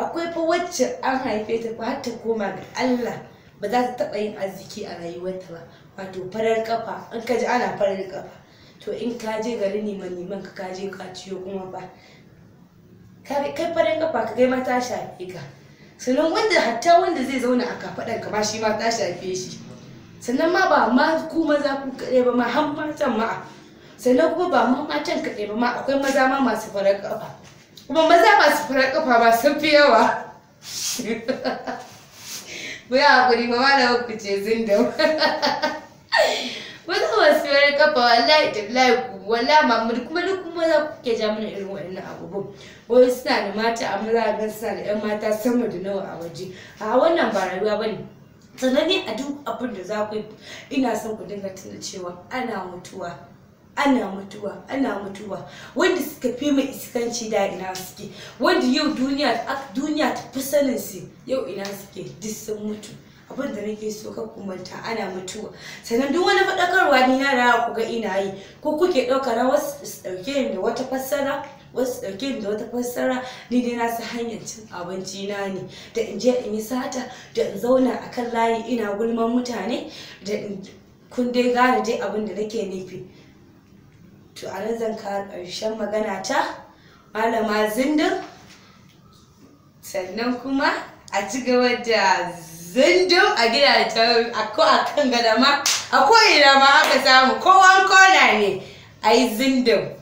akwai fa wacce an haife ta fa har ta koma ga Allah ba za ta taɓa yin arziki a rayuwarta ba wato farar kafa in ka ji ana farar kafa to in ka je gari neman neman ka ka je ka ciyo kuma ba kai farar kafa ka kai ma ta shafe ka sannan wanda hatta wanda zai zauna a kafaɗan ka ba shi ma ta shafe shi sannan ma ba ma ku maza ku kaɗai ba ma har matan ma sannan kuma ba ma matan kaɗai ba ma akwai maza ma masu farar kafa kuma maza masu furar kafa ba sun fi yawa ku yi hakuri ba da ku ce zindam wasu masu furar kafa wallahi tallahi ku walla mamud kuma duk kuma za ku ke ja mana irin waɗannan abubuwan Wani suna da mata a maza a ga suna da 'yan mata sama da nawa a waje a wannan ba rayuwa ba ne sannan a duk abin da za ku yi ina son ku dinga tuna cewa ana mutuwa ana mutuwa ana mutuwa wanda suka fi mai iskanci da ina suke wanda yau duniya duniya ta fi sanin su yau ina suke duk sun mutu abin da nake so ka kumanta ana mutuwa sannan duk wani faɗakarwa ni yara ku ga ina yi ko kuke ɗauka na wasu su ɗauke da wata fassara wasu ɗauke ni da wata fassara ni dai na su hanyar cin abinci na ne da in je in yi sata da in zauna akan layi ina gulman mutane da kun dai gane dai abin da nake nufi to a nan zan kawo ƙarshen magana ta malama zindin sannan kuma a ci gaba da zindin a gidajen a kan gada ma a ko ko'ina ma haka samu kowan kona ne a yi zindin